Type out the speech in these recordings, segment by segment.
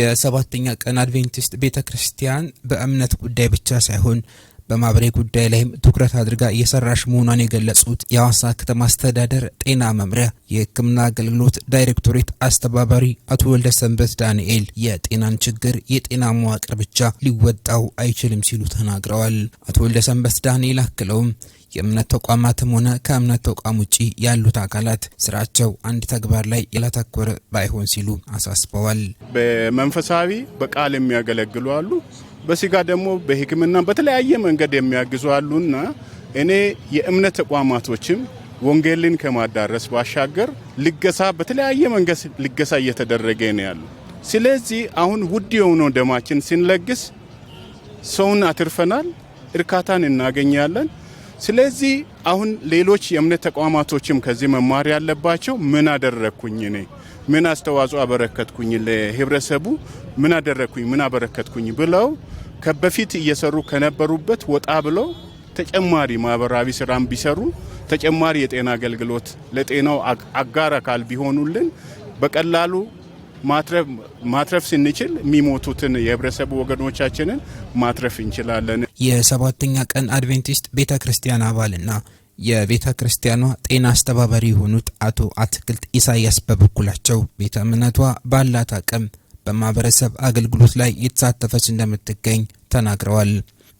የሰባተኛ ቀን አድቬንቲስት ቤተ ክርስቲያን በእምነት ጉዳይ ብቻ ሳይሆን በማህበራዊ ጉዳይ ላይም ትኩረት አድርጋ እየሰራሽ መሆኗን የገለጹት የሐዋሳ ከተማ አስተዳደር ጤና መምሪያ የሕክምና አገልግሎት ዳይሬክቶሬት አስተባባሪ አቶ ወልደ ሰንበት ዳንኤል የጤናን ችግር የጤና መዋቅር ብቻ ሊወጣው አይችልም ሲሉ ተናግረዋል። አቶ ወልደ ሰንበት ዳንኤል አክለውም የእምነት ተቋማትም ሆነ ከእምነት ተቋም ውጪ ያሉት አካላት ስራቸው አንድ ተግባር ላይ ያላተኮረ ባይሆን ሲሉ አሳስበዋል። በመንፈሳዊ በቃል የሚያገለግሉ አሉ፣ በስጋ ደግሞ በሕክምና በተለያየ መንገድ የሚያግዙ አሉና እኔ የእምነት ተቋማቶችም ወንጌልን ከማዳረስ ባሻገር ልገሳ በተለያየ መንገድ ልገሳ እየተደረገ ነው ያሉ። ስለዚህ አሁን ውድ የሆነው ደማችን ስንለግስ ሰውን አትርፈናል፣ እርካታን እናገኛለን። ስለዚህ አሁን ሌሎች የእምነት ተቋማቶችም ከዚህ መማር ያለባቸው ምን አደረግኩኝ እኔ ምን አስተዋጽኦ አበረከትኩኝ ለህብረተሰቡ ምን አደረግኩኝ ምን አበረከትኩኝ ብለው ከበፊት እየሰሩ ከነበሩበት ወጣ ብለው ተጨማሪ ማህበራዊ ስራም ቢሰሩ ተጨማሪ የጤና አገልግሎት ለጤናው አጋር አካል ቢሆኑልን በቀላሉ ማትረፍ ስንችል የሚሞቱትን የህብረተሰቡ ወገኖቻችንን ማትረፍ እንችላለን። የሰባተኛ ቀን አድቬንቲስት ቤተ ክርስቲያን አባልና የቤተ ክርስቲያኗ ጤና አስተባባሪ የሆኑት አቶ አትክልት ኢሳያስ በበኩላቸው ቤተ እምነቷ ባላት አቅም በማህበረሰብ አገልግሎት ላይ የተሳተፈች እንደምትገኝ ተናግረዋል።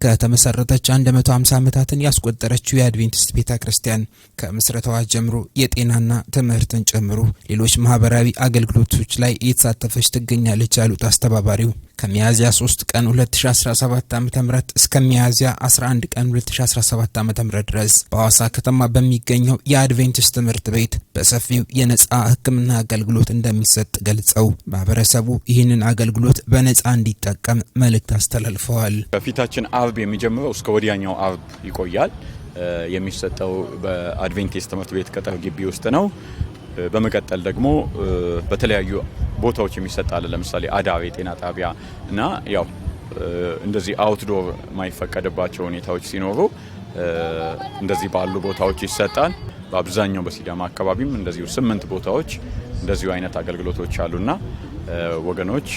ከተመሰረተች 150 ዓመታትን ያስቆጠረችው የአድቬንቲስት ቤተ ክርስቲያን ከምስረታዋ ጀምሮ የጤናና ትምህርትን ጨምሮ ሌሎች ማህበራዊ አገልግሎቶች ላይ እየተሳተፈች ትገኛለች ያሉት አስተባባሪው ከሚያዝያ 3 ቀን 2017 ም እስከ ሚያዝያ 11 ቀን 2017 .ም ድረስ በሐዋሳ ከተማ በሚገኘው የአድቬንቲስት ትምህርት ቤት በሰፊው የነፃ ሕክምና አገልግሎት እንደሚሰጥ ገልጸው ማህበረሰቡ ይህንን አገልግሎት በነፃ እንዲጠቀም መልእክት አስተላልፈዋል። በፊታችን አርብ የሚጀምረው እስከ ወዲያኛው አርብ ይቆያል። የሚሰጠው በአድቬንቲስት ትምህርት ቤት ቅጥር ግቢ ውስጥ ነው። በመቀጠል ደግሞ በተለያዩ ቦታዎች የሚሰጥ ለምሳሌ አዳቤ የጤና ጣቢያ እና ያው እንደዚህ አውትዶር የማይፈቀድባቸው ሁኔታዎች ሲኖሩ እንደዚህ ባሉ ቦታዎች ይሰጣል። በአብዛኛው በሲዳማ አካባቢም እንደዚሁ ስምንት ቦታዎች እንደዚሁ አይነት አገልግሎቶች አሉና ወገኖች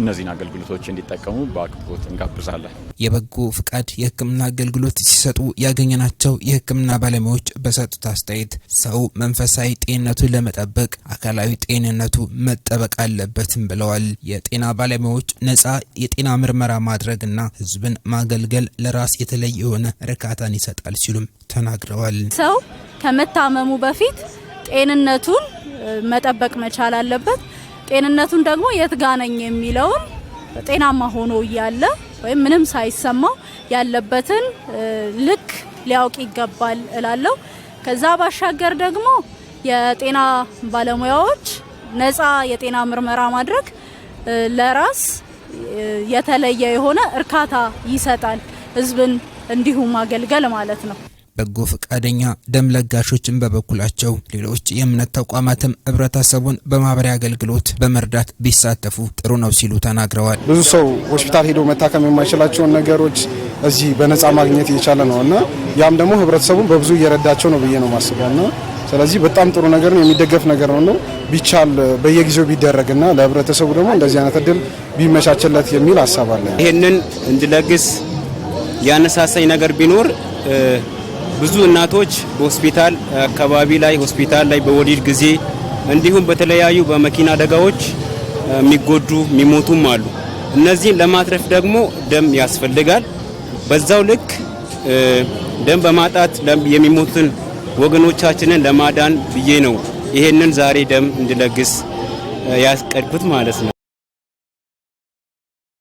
እነዚህን አገልግሎቶች እንዲጠቀሙ በአክብሮት እንጋብዛለን። የበጎ ፍቃድ የህክምና አገልግሎት ሲሰጡ ያገኘናቸው የህክምና ባለሙያዎች በሰጡት አስተያየት ሰው መንፈሳዊ ጤንነቱን ለመጠበቅ አካላዊ ጤንነቱ መጠበቅ አለበትም ብለዋል። የጤና ባለሙያዎች ነጻ የጤና ምርመራ ማድረግና ህዝብን ማገልገል ለራስ የተለየ የሆነ እርካታን ይሰጣል ሲሉም ተናግረዋል። ሰው ከመታመሙ በፊት ጤንነቱን መጠበቅ መቻል አለበት። ጤንነቱን ደግሞ የት ጋ ነኝ የሚለውን ጤናማ ሆኖ እያለ ወይም ምንም ሳይሰማው ያለበትን ልክ ሊያውቅ ይገባል እላለሁ። ከዛ ባሻገር ደግሞ የጤና ባለሙያዎች ነፃ የጤና ምርመራ ማድረግ ለራስ የተለየ የሆነ እርካታ ይሰጣል፣ ህዝብን እንዲሁም ማገልገል ማለት ነው። በጎ ፈቃደኛ ደም ለጋሾችን በበኩላቸው ሌሎች የእምነት ተቋማትም ህብረተሰቡን በማህበራዊ አገልግሎት በመርዳት ቢሳተፉ ጥሩ ነው ሲሉ ተናግረዋል። ብዙ ሰው ሆስፒታል ሄዶ መታከም የማይችላቸውን ነገሮች እዚህ በነጻ ማግኘት እየቻለ ነው እና ያም ደግሞ ህብረተሰቡን በብዙ እየረዳቸው ነው ብዬ ነው ማስበው እና ስለዚህ በጣም ጥሩ ነገር ነው፣ የሚደገፍ ነገር ነው። ቢቻል በየጊዜው ቢደረግና ለህብረተሰቡ ደግሞ እንደዚህ አይነት እድል ቢመቻችለት የሚል ሀሳብ አለ። ይህንን እንድለግስ ያነሳሳኝ ነገር ቢኖር ብዙ እናቶች በሆስፒታል አካባቢ ላይ ሆስፒታል ላይ በወሊድ ጊዜ እንዲሁም በተለያዩ በመኪና አደጋዎች የሚጎዱ የሚሞቱም አሉ። እነዚህን ለማትረፍ ደግሞ ደም ያስፈልጋል። በዛው ልክ ደም በማጣት የሚሞቱን ወገኖቻችንን ለማዳን ብዬ ነው ይሄንን ዛሬ ደም እንድለግስ ያስቀድኩት ማለት ነው።